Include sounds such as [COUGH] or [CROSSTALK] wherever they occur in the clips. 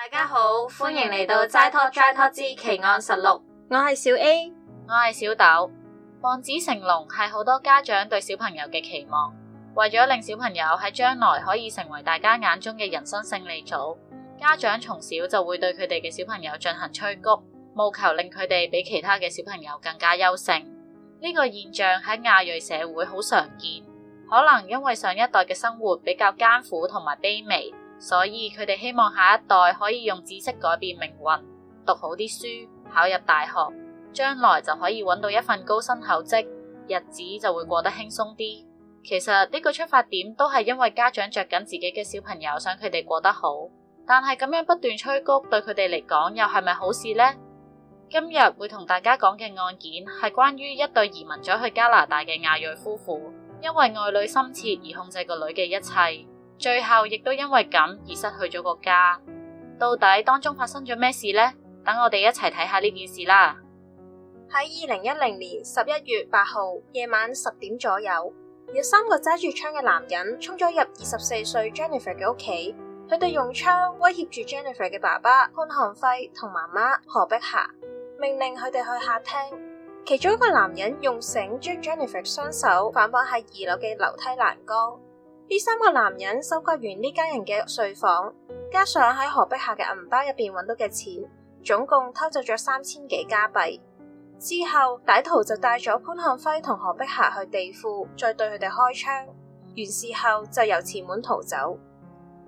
大家好，歡迎嚟到「齋拖齋拖」之奇案實錄。我係小 A，我係小豆。望子成龍係好多家長對小朋友嘅期望，為咗令小朋友喺將來可以成為大家眼中嘅人生勝利組，家長從小就會對佢哋嘅小朋友進行催谷，務求令佢哋比其他嘅小朋友更加優勝。呢個現象喺亞裔社會好常見，可能因為上一代嘅生活比較艱苦同埋卑微。所以佢哋希望下一代可以用知識改變命運，讀好啲書，考入大學，將來就可以揾到一份高薪厚職，日子就會過得輕鬆啲。其實呢個出發點都係因為家長着緊自己嘅小朋友，想佢哋過得好。但係咁樣不斷催谷，對佢哋嚟講又係咪好事呢？今日會同大家講嘅案件係關於一對移民咗去加拿大嘅亞裔夫婦，因為愛女心切而控制個女嘅一切。最後亦都因為咁而失去咗個家。到底當中發生咗咩事呢？等我哋一齊睇下呢件事啦。喺二零一零年十一月八號夜晚十點左右，有三個揸住槍嘅男人衝咗入二十四歲 Jennifer 嘅屋企，佢哋用槍威脅住 Jennifer 嘅爸爸潘漢輝同媽媽何碧霞，命令佢哋去客廳。其中一個男人用繩將 Jennifer 雙手反綁喺二樓嘅樓梯欄杆。呢三個男人收割完呢家人嘅睡房，加上喺何碧霞嘅銀包入邊揾到嘅錢，總共偷走咗三千幾加幣。之後歹徒就帶咗潘漢輝同何碧霞去地庫，再對佢哋開槍。完事後就由前門逃走。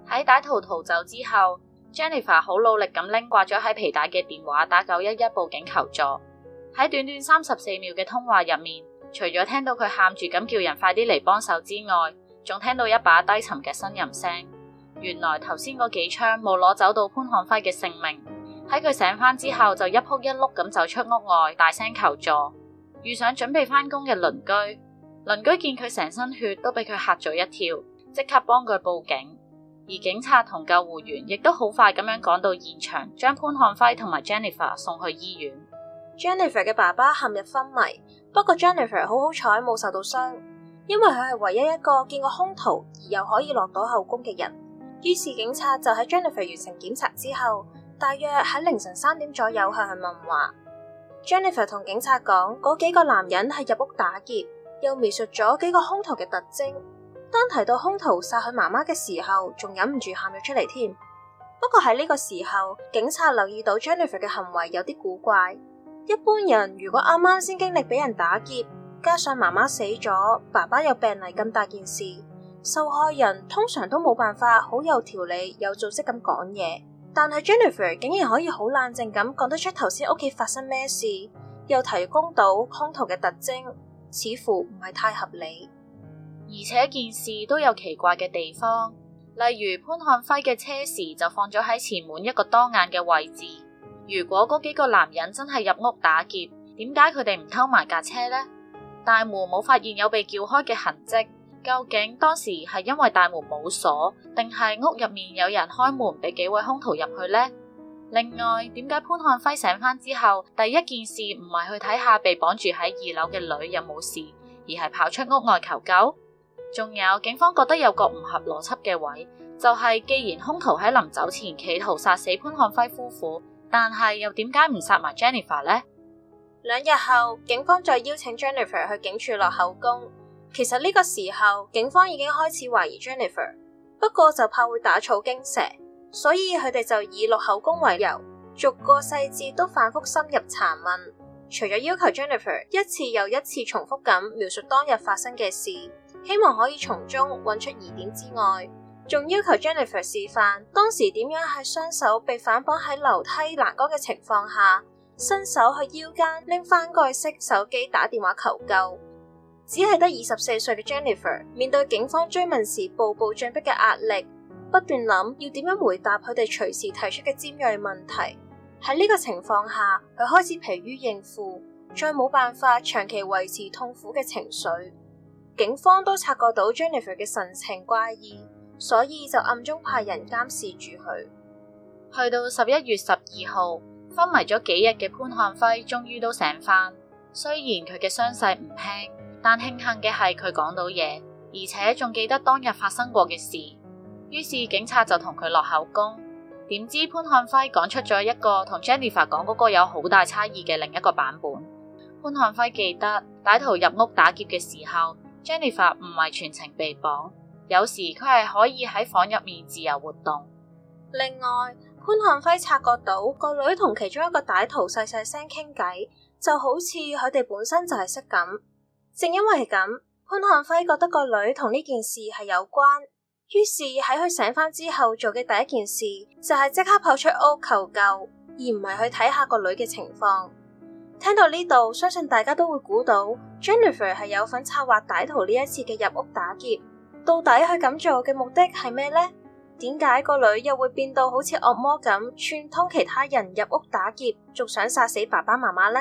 喺歹徒逃走之後，Jennifer 好努力咁拎掛咗喺皮帶嘅電話，打九一一報警求助。喺短短三十四秒嘅通話入面，除咗聽到佢喊住咁叫人快啲嚟幫手之外，仲聽到一把低沉嘅呻吟聲，原來頭先嗰幾槍冇攞走到潘漢輝嘅性命，喺佢醒翻之後就一撲一碌咁走出屋外，大聲求助，遇上準備翻工嘅鄰居。鄰居見佢成身血，都俾佢吓咗一跳，即刻幫佢報警。而警察同救護員亦都好快咁樣趕到現場，將潘漢輝同埋 Jennifer 送去醫院。Jennifer 嘅爸爸陷入昏迷，不過 Jennifer 好好彩冇受到傷。因為佢係唯一一個見過凶徒而又可以落到口供嘅人，於是警察就喺 Jennifer 完成檢查之後，大約喺凌晨三點左右向佢問話。 [LAUGHS] Jennifer 同警察講嗰幾個男人係入屋打劫，又描述咗幾個凶徒嘅特徵。當提到凶徒殺佢媽媽嘅時候，仲忍唔住喊咗出嚟添。不過喺呢個時候，警察留意到 Jennifer 嘅行為有啲古怪。一般人如果啱啱先經歷俾人打劫，加上媽媽死咗，爸爸有病嚟，咁大件事，受害人通常都冇辦法好有條理、有組織咁講嘢。但係 Jennifer 竟然可以好冷靜咁講得出頭先屋企發生咩事，又提供到兇徒嘅特徵，似乎唔係太合理。而且件事都有奇怪嘅地方，例如潘漢輝嘅車匙就放咗喺前門一個當眼嘅位置。如果嗰幾個男人真係入屋打劫，點解佢哋唔偷埋架車呢？大門冇發現有被撬開嘅痕迹，究竟當時係因為大門冇鎖，定係屋入面有人開門俾幾位兇徒入去呢？另外，點解潘漢輝醒翻之後，第一件事唔係去睇下被綁住喺二樓嘅女有冇事，而係跑出屋外求救？仲有，警方覺得有個唔合邏輯嘅位，就係、是、既然兇徒喺臨走前企圖殺死潘漢輝夫婦，但係又點解唔殺埋 Jennifer 呢？兩日後，警方再邀請 Jennifer 去警署落口供。其實呢個時候，警方已經開始懷疑 Jennifer，不過就怕會打草驚蛇，所以佢哋就以落口供為由，逐個細節都反覆深入查問。除咗要求 Jennifer 一次又一次重複咁描述當日發生嘅事，希望可以從中揾出疑點之外，仲要求 Jennifer 示範當時點樣喺雙手被反綁喺樓梯欄杆嘅情況下。伸手去腰間拎翻蓋式手機打電話求救，只係得二十四歲嘅 Jennifer 面對警方追問時步步進逼嘅壓力，不斷諗要點樣回答佢哋隨時提出嘅尖銳問題。喺呢個情況下，佢開始疲於應付，再冇辦法長期維持痛苦嘅情緒。警方都察覺到 Jennifer 嘅神情怪異，所以就暗中派人監視住佢。去到十一月十二號。昏迷咗幾日嘅潘漢輝終於都醒翻，雖然佢嘅傷勢唔輕，但慶幸嘅係佢講到嘢，而且仲記得當日發生過嘅事。於是警察就同佢落口供，點知潘漢輝講出咗一個同 Jennifer 講嗰個有好大差異嘅另一個版本。潘漢輝記得歹徒入屋打劫嘅時候，Jennifer 唔係全程被綁，有時佢係可以喺房入面自由活動。另外，潘漢輝察覺到個女同其中一個歹徒細細聲傾偈，就好似佢哋本身就係識咁。正因為咁，潘漢輝覺得個女同呢件事係有關，於是喺佢醒翻之後做嘅第一件事就係即刻跑出屋求救，而唔係去睇下個女嘅情況。聽到呢度，相信大家都會估到 Jennifer 係有份策劃歹徒呢一次嘅入屋打劫，到底佢咁做嘅目的係咩呢？點解個女又會變到好似惡魔咁，串通其他人入屋打劫，仲想殺死爸爸媽媽呢？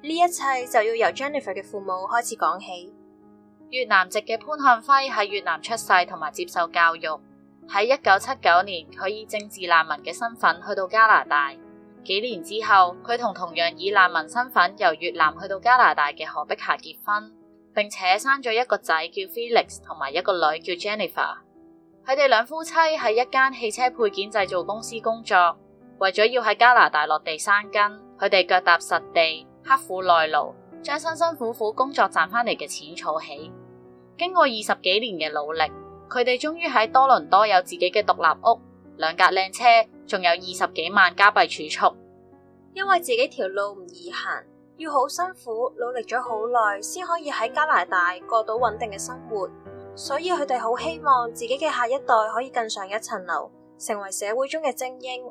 呢一切就要由 Jennifer 嘅父母開始講起。越南籍嘅潘漢輝喺越南出世，同埋接受教育。喺一九七九年，佢以政治難民嘅身份去到加拿大。幾年之後，佢同同樣以難民身份由越南去到加拿大嘅何碧霞結婚，並且生咗一個仔叫 Felix 同埋一個女叫 Jennifer。佢哋兩夫妻喺一間汽車配件製造公司工作，為咗要喺加拿大落地生根，佢哋腳踏實地，刻苦耐勞，將辛辛苦苦工作賺翻嚟嘅錢儲起。經過二十幾年嘅努力，佢哋終於喺多倫多有自己嘅獨立屋、兩架靚車，仲有二十幾萬加幣儲蓄。因為自己條路唔易行，要好辛苦，努力咗好耐，先可以喺加拿大過到穩定嘅生活。所以佢哋好希望自己嘅下一代可以更上一層樓，成為社會中嘅精英。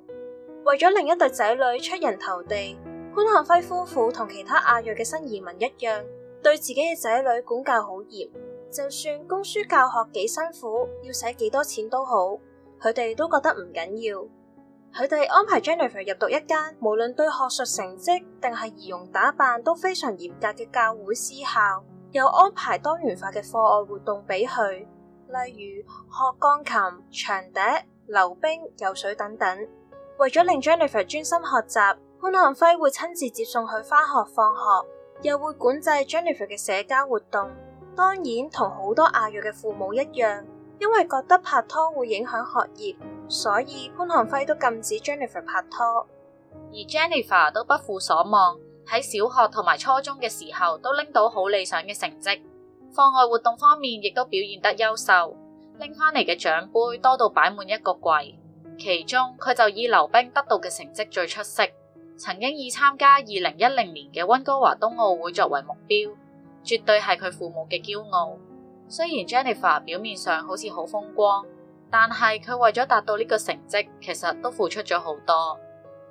為咗令一對仔女出人頭地，潘漢輝夫婦同其他亞裔嘅新移民一樣，對自己嘅仔女管教好嚴。就算供書教學幾辛苦，要使幾多錢都好，佢哋都覺得唔緊要。佢哋安排 Jennifer 入讀一間無論對學術成績定係儀容打扮都非常嚴格嘅教會私校。又安排多元化嘅課外活動俾佢，例如學鋼琴、長笛、溜冰、游水等等。為咗令 Jennifer 專心學習，潘漢輝會親自接送佢翻學放學，又會管制 Jennifer 嘅社交活動。當然，同好多亞裔嘅父母一樣，因為覺得拍拖會影響學業，所以潘漢輝都禁止 Jennifer 拍拖。而 Jennifer 都不負所望。喺小學同埋初中嘅時候都拎到好理想嘅成績，課外活動方面亦都表現得優秀，拎翻嚟嘅獎盃多到擺滿一個櫃。其中佢就以溜冰得到嘅成績最出色，曾經以參加二零一零年嘅溫哥華冬奧會作為目標，絕對係佢父母嘅驕傲。雖然 Jennifer 表面上好似好風光，但係佢為咗達到呢個成績，其實都付出咗好多。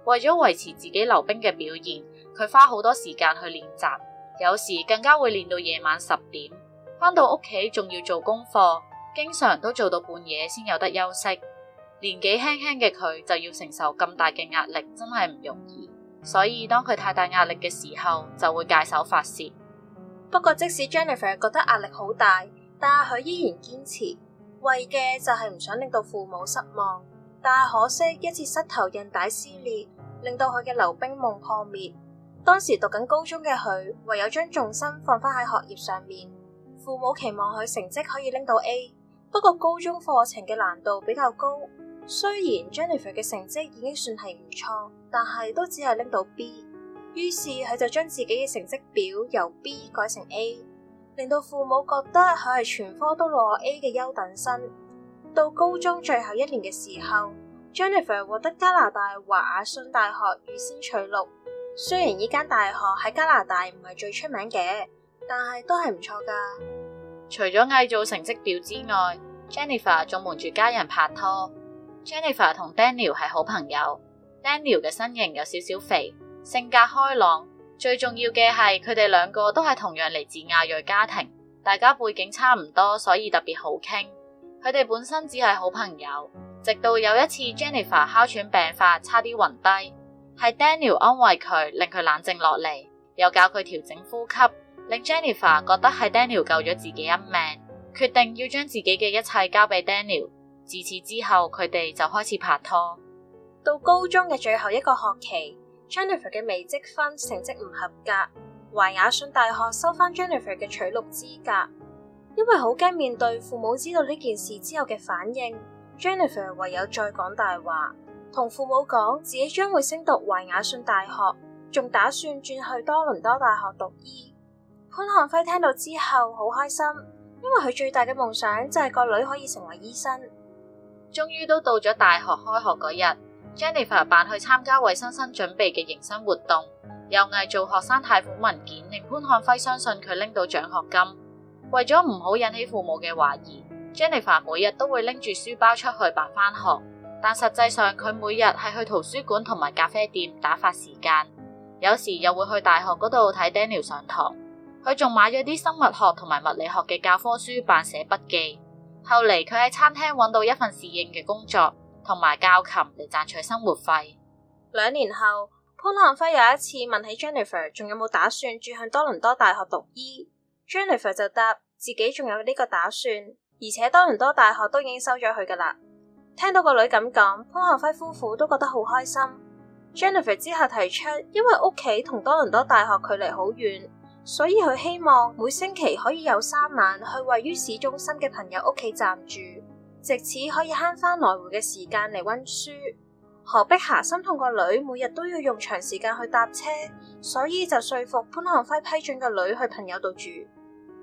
為咗維持自己溜冰嘅表現，佢花好多時間去練習，有時更加會練到夜晚十點。返到屋企仲要做功課，經常都做到半夜先有得休息。年紀輕輕嘅佢就要承受咁大嘅壓力，真係唔容易。所以當佢太大壓力嘅時候，就會界手發洩。不過即使 Jennifer 覺得壓力好大，但佢依然堅持，為嘅就係唔想令到父母失望。但係可惜，一次膝頭韌帶撕裂，令到佢嘅溜冰夢破滅。當時讀緊高中嘅佢，唯有將重心放翻喺學業上面。父母期望佢成績可以拎到 A，不過高中課程嘅難度比較高。雖然 Jennifer 嘅成績已經算係唔錯，但係都只係拎到 B。於是佢就將自己嘅成績表由 B 改成 A，令到父母覺得佢係全科都攞 A 嘅優等生。到高中最後一年嘅時候，Jennifer 獲得加拿大懷雅遜大學預先取錄，雖然呢間大學喺加拿大唔係最出名嘅，但係都係唔錯噶。除咗偽造成績表之外，Jennifer 仲瞞住家人拍拖。Jennifer 同 Daniel 係好朋友，Daniel 嘅身形有少少肥，性格開朗，最重要嘅係佢哋兩個都係同樣嚟自亞裔家庭，大家背景差唔多，所以特別好傾。佢哋本身只係好朋友。直到有一次，Jennifer 哮喘病發，差啲暈低，係 Daniel 安慰佢，令佢冷靜落嚟，又教佢調整呼吸，令 Jennifer 覺得係 Daniel 救咗自己一命，決定要將自己嘅一切交俾 Daniel。自此之後，佢哋就開始拍拖。到高中嘅最後一個學期，Jennifer 嘅微積分成績唔合格，懷雅遜大學收翻 Jennifer 嘅取錄資格，因為好驚面對父母知道呢件事之後嘅反應。Jennifer 唯有再講大話，同父母講自己將會升讀懷雅遜大學，仲打算轉去多倫多大學讀醫。潘漢輝聽到之後好開心，因為佢最大嘅夢想就係個女可以成為醫生。終於都到咗大學開學嗰日，Jennifer 扮去參加為新生準備嘅迎新活動，又偽造學生貸款文件，令潘漢輝相信佢拎到獎學金。為咗唔好引起父母嘅懷疑，Jennifer 每日都會拎住書包出去扮翻學，但實際上佢每日係去圖書館同埋咖啡店打發時間，有時又會去大學嗰度睇 Daniel 上堂。佢仲買咗啲生物學同埋物理學嘅教科書扮寫筆記。後嚟佢喺餐廳揾到一份侍應嘅工作，同埋教琴嚟賺取生活費。兩年後，潘漢輝有一次問起 Jennifer 仲有冇打算住向多倫多大學讀醫，Jennifer 就答自己仲有呢個打算。而且多倫多大學都已經收咗佢噶啦。聽到個女咁講，潘漢輝夫婦都覺得好開心。Jennifer 之後提出，因為屋企同多倫多大學距離好遠，所以佢希望每星期可以有三晚去位於市中心嘅朋友屋企暫住，借此可以慳翻來回嘅時間嚟溫書。何碧霞心痛個女每日都要用長時間去搭車，所以就說服潘漢輝批准個女去朋友度住。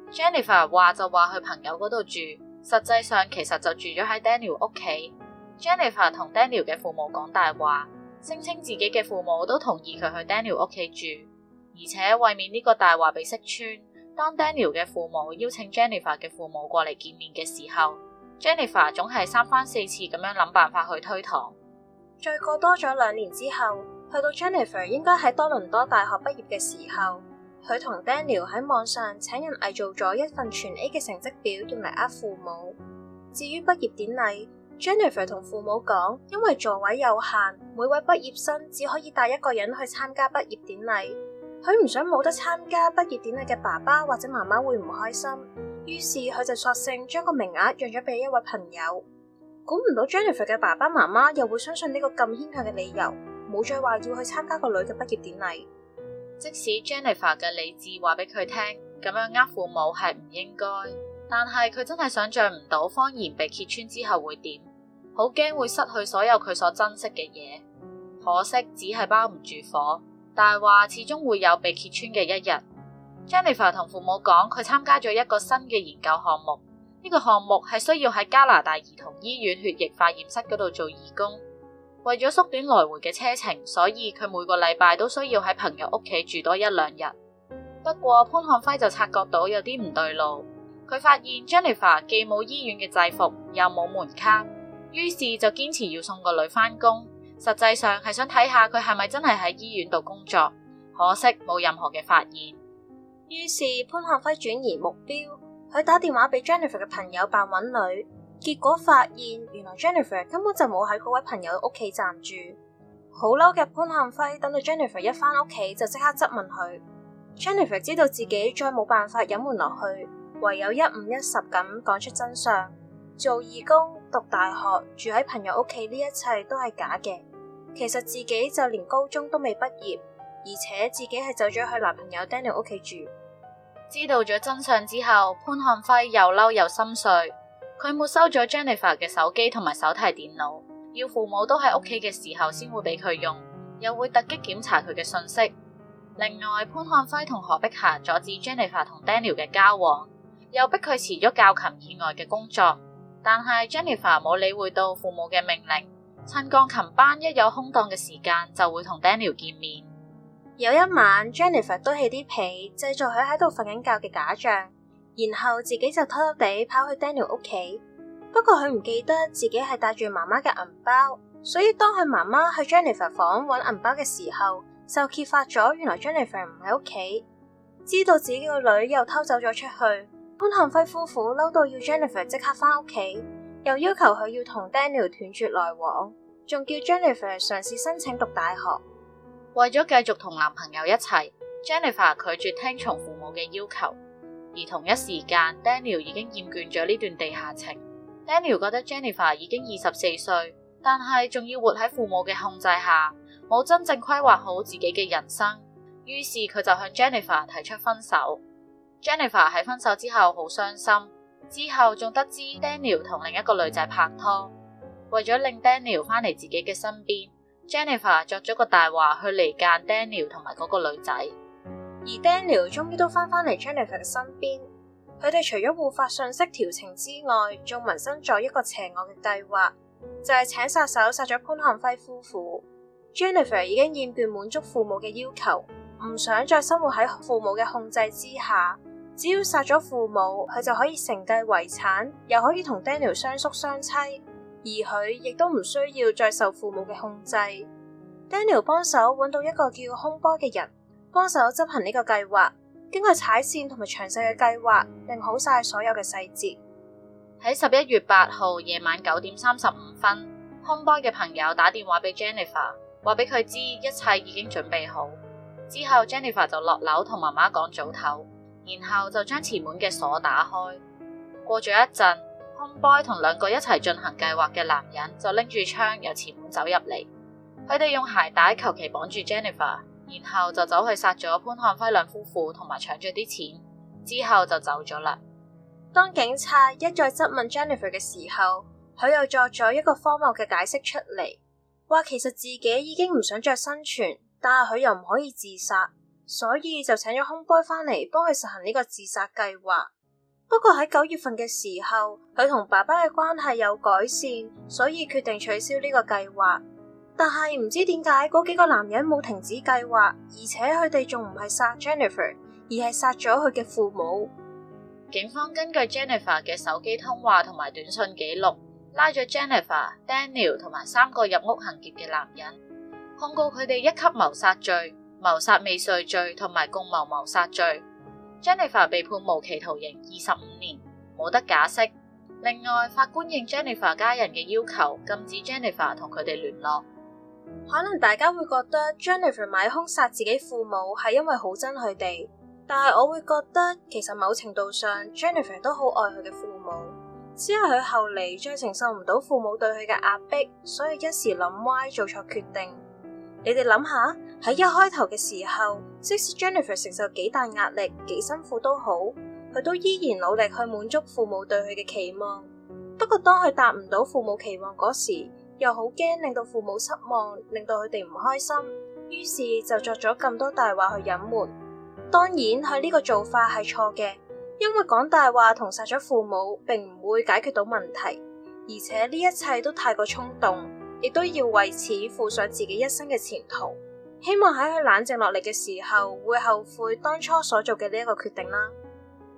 Jennifer 話就話去朋友嗰度住。實際上其實就住咗喺 Daniel 屋企，Jennifer 同 Daniel 嘅父母講大話，聲稱自己嘅父母都同意佢去 Daniel 屋企住，而且為免呢個大話被識穿，當 Daniel 嘅父母邀請 Jennifer 嘅父母過嚟見面嘅時候，Jennifer 總係三番四次咁樣諗辦法去推搪。再過多咗兩年之後，去到 Jennifer 應該喺多倫多大學畢業嘅時候，佢同 Daniel 喺網上請人偽造咗一份全 A 嘅成績表，用嚟呃父母。至於畢業典禮，Jennifer 同父母講，因為座位有限，每位畢業生只可以帶一個人去參加畢業典禮。佢唔想冇得參加畢業典禮嘅爸爸或者媽媽會唔開心，於是佢就索性將個名額讓咗俾一位朋友。估唔到 Jennifer 嘅爸爸媽媽又會相信呢個咁牽強嘅理由，冇再話要去參加個女嘅畢業典禮。即使 Jennifer 嘅理智話俾佢聽，咁樣呃父母係唔應該，但係佢真係想象唔到謊言被揭穿之後會點，好驚會失去所有佢所珍惜嘅嘢。可惜只係包唔住火，但係話始終會有被揭穿嘅一日。 [MUSIC] Jennifer 同父母講，佢參加咗一個新嘅研究項目，呢、呢個項目係需要喺加拿大兒童醫院血液化驗室嗰度做義工。為咗縮短來回嘅車程，所以佢每個禮拜都需要喺朋友屋企住多一兩日。不過潘漢輝就察覺到有啲唔對路，佢發現 Jennifer 既冇醫院嘅制服，又冇門卡，於是就堅持要送個女翻工。實際上係想睇下佢係咪真係喺醫院度工作，可惜冇任何嘅發現。於是潘漢輝轉移目標，佢打電話俾 Jennifer 嘅朋友扮揾女。結果發現，原來 Jennifer 根本就冇喺嗰位朋友屋企暫住。好嬲嘅潘漢輝等到 Jennifer 一返屋企，就即刻質問佢。Jennifer 知道自己再冇辦法隱瞞落去，唯有一五一十咁講出真相：做義工、讀大學、住喺朋友屋企呢，一切都係假嘅。其實自己就連高中都未畢業，而且自己係走咗去男朋友 Daniel 屋企住。知道咗真相之後，潘漢輝又嬲又心碎。佢沒收咗 Jennifer 嘅手機同埋手提電腦，要父母都喺屋企嘅時候先會俾佢用，又會突擊檢查佢嘅信息。另外，潘漢輝同何碧霞阻止 Jennifer 同 Daniel 嘅交往，又逼佢辭咗教琴以外嘅工作。但係 Jennifer 冇理會到父母嘅命令，趁鋼琴班一有空檔嘅時間就會同 Daniel 見面。有一晚，Jennifer 堆起啲被，製造佢喺度瞓緊覺嘅假象。然後自己就偷偷地跑去 Daniel 屋企，不過佢唔記得自己係帶住媽媽嘅銀包，所以當佢媽媽去 Jennifer 房揾銀包嘅時候，就揭發咗原來 Jennifer 唔喺屋企，知道自己個女又偷走咗出去。潘漢輝夫婦嬲到要 Jennifer 即刻翻屋企，又要求佢要同 Daniel 斷絕來往，仲叫 Jennifer 嘗試申請讀大學，為咗繼續同男朋友一齊，Jennifer 拒絕聽從父母嘅要求。而同一時間，Daniel 已經厭倦咗呢段地下情。Daniel 覺得 Jennifer 已經二十四歲，但係仲要活喺父母嘅控制下，冇真正規劃好自己嘅人生。於是佢就向 Jennifer 提出分手。Jennifer 喺分手之後好傷心，之後仲得知 Daniel 同另一個女仔拍拖，為咗令 Daniel 返嚟自己嘅身邊，Jennifer 作咗個大話去離間 Daniel 同埋嗰個女仔。而 Daniel 終於都翻返嚟 Jennifer 嘅身邊，佢哋除咗互發信息調情之外，仲萌生咗一個邪惡嘅計劃，就係、是、請殺手殺咗潘漢輝夫婦。 [LAUGHS] Jennifer 已經厭倦滿足父母嘅要求，唔想再生活喺父母嘅控制之下，只要殺咗父母，佢就可以承繼遺產，又可以同 Daniel 雙宿雙飛，而佢亦都唔需要再受父母嘅控制。 [LAUGHS] Daniel 幫手揾到一個叫 Homeboy 嘅人，幫手執行呢個計劃，經過踩線同埋詳細嘅計劃，定好晒所有嘅細節。喺十一月八號夜晚九點三十五分，Homeboy 嘅朋友打電話俾 Jennifer，話俾佢知一切已經準備好。之後 Jennifer 就落樓同媽媽講早唞，然後就將前門嘅鎖打開。過咗一陣，Homeboy 同兩個一齊進行計劃嘅男人就拎住槍由前門走入嚟，佢哋用鞋帶求其綁住 Jennifer。然後就走去殺咗潘漢輝兩夫婦，同埋搶咗啲錢，之後就走咗啦。當警察一再質問 Jennifer 嘅時候，佢又作咗一個荒謬嘅解釋出嚟，話其實自己已經唔想再生存，但係佢又唔可以自殺，所以就請咗 Homeboy 返嚟幫佢實行呢個自殺計劃。不過喺九月份嘅時候，佢同爸爸嘅關係有改善，所以決定取消呢個計劃。但係唔知點解嗰幾個男人冇停止計劃，而且佢哋仲唔係殺 Jennifer，而係殺咗佢嘅父母。警方根據 Jennifer 嘅手機通話同埋短信記錄，拉咗 Jennifer、Daniel 同埋三個入屋行劫嘅男人，控告佢哋一級謀殺罪、謀殺未遂罪同埋共謀謀殺罪。Jennifer 被判無期徒刑二十五年，冇得假釋。另外，法官應 Jennifer 家人嘅要求，禁止 Jennifer 同佢哋聯絡。可能大家會覺得 Jennifer 買兇殺自己父母係因為好憎佢哋，但係我會覺得其實某程度上 Jennifer 都好愛佢嘅父母，只係佢後嚟將承受唔到父母對佢嘅壓迫，所以一時諗歪做錯決定。你哋諗下喺一開頭嘅時候，即使 Jennifer 承受幾大壓力，幾辛苦都好，佢都依然努力去滿足父母對佢嘅期望。不過當佢達唔到父母期望嗰時，又好驚令到父母失望，令到佢哋唔開心，於是就作咗咁多大話去隱瞞。當然佢呢個做法係錯嘅，因為講大話同殺咗父母並唔會解決到問題，而且呢一切都太過衝動，亦都要為此付上自己一生嘅前途。希望喺佢冷靜落嚟嘅時候會後悔當初所做嘅呢一個決定啦。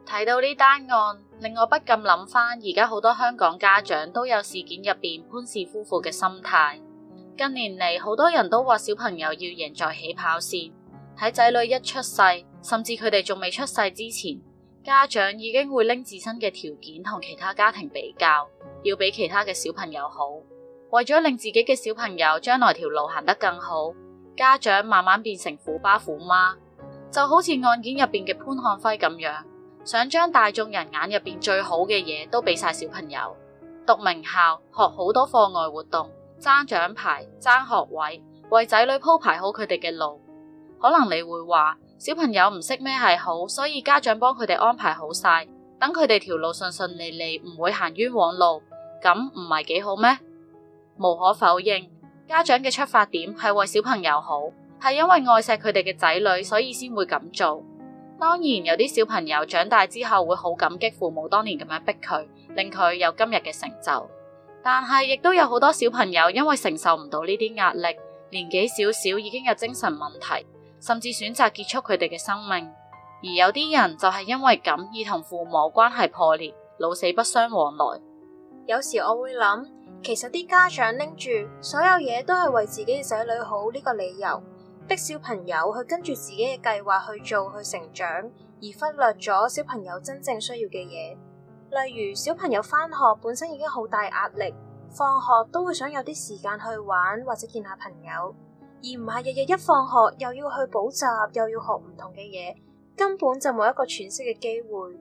提到呢單案，令我不禁諗翻，而家好多香港家長都有事件入邊潘氏夫婦嘅心態。近年嚟，好多人都話小朋友要贏在起跑線，喺仔女一出世，甚至佢哋仲未出世之前，家長已經會拎自身嘅條件同其他家庭比較，要比其他嘅小朋友好。為咗令自己嘅小朋友將來條路行得更好，家長慢慢變成虎爸虎媽，就好似案件入邊嘅潘漢輝咁樣。想將大眾人眼入邊最好嘅嘢都俾晒小朋友，讀名校，學好多課外活動，爭獎牌，爭學位，為仔女鋪排好佢哋嘅路。可能你會話，小朋友唔識咩係好，所以家長幫佢哋安排好晒，等佢哋條路順順利利，唔會行冤枉路，咁唔係幾好咩？無可否認，家長嘅出發點係為小朋友好，係因為愛錫佢哋嘅仔女，所以先會咁做。當然有啲小朋友長大之後會好感激父母當年咁樣逼佢，令佢有今日嘅成就。但係亦都有好多小朋友因為承受唔到呢啲壓力，年紀少少已經有精神問題，甚至選擇結束佢哋嘅生命。而有啲人就係因為咁而同父母關係破裂，老死不相往來。有時我會諗，其實啲家長拎住所有嘢都係為自己嘅仔女好呢個理由，逼小朋友去跟住自己嘅計劃去做去成長，而忽略咗小朋友真正需要嘅嘢。例如，小朋友翻學本身已經好大壓力，放學都會想有啲時間去玩或者見下朋友，而唔係日日一放學又要去補習，又要學唔同嘅嘢，根本就冇一個喘息嘅機會。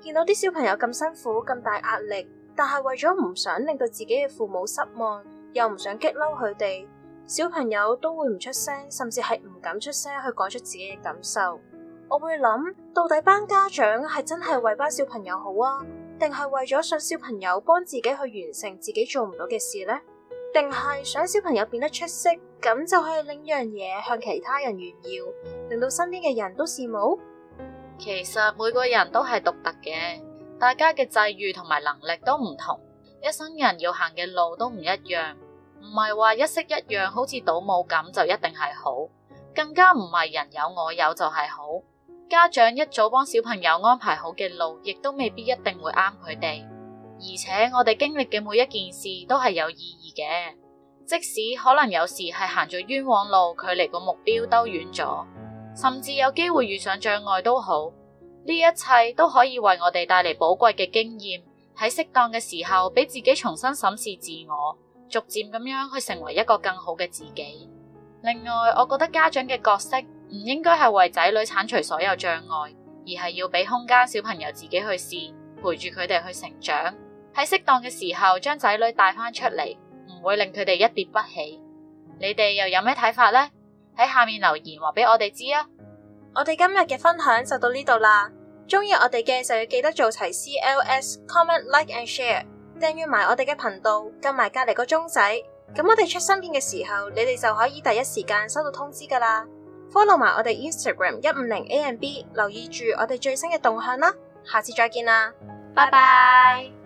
見到啲小朋友咁辛苦咁大壓力，但係為咗唔想令到自己嘅父母失望，又唔想激嬲佢哋。小朋友都會唔出聲，甚至係唔敢出聲去講出自己嘅感受。我會諗，到底班家長係真係為班小朋友好啊，定係為咗想小朋友幫自己去完成自己做唔到嘅事呢？定係想小朋友變得出色，咁就可以拎樣嘢向其他人炫耀，令到身邊嘅人都羨慕。其實每個人都係獨特嘅，大家嘅際遇同埋能力都唔同，一生人要行嘅路都唔一樣。唔係話一式一樣，好似倒武咁就一定係好，更加唔係人有我有就係好。家長一早幫小朋友安排好嘅路，亦都未必一定會啱佢哋。而且我哋經歷嘅每一件事都係有意義嘅，即使可能有時係行咗冤枉路，距離個目標都遠咗，甚至有機會遇上障礙都好，呢一切都可以為我哋帶嚟寶貴嘅經驗，喺適當嘅時候俾自己重新審視自我。逐漸咁樣去成為一個更好嘅自己。另外，我覺得家長嘅角色唔應該係為仔女鏟除所有障礙，而係要俾空間小朋友自己去試，陪住佢哋去成長。喺適當嘅時候，將仔女帶翻出嚟，唔會令佢哋一跌不起。你哋又有咩睇法呢？喺下面留言話俾我哋知啊！我哋今日嘅分享就到呢度啦。中意我哋嘅就要記得做齊 CLS Comment Like and Share。訂閱埋我哋嘅頻道，撳埋隔籬個鐘仔，咁我哋出新片嘅時候，你哋就可以第一時間收到通知噶啦。Follow 埋我哋 Instagram 一五零 AMB，留意住我哋最新嘅動向啦。下次再見啦，拜拜。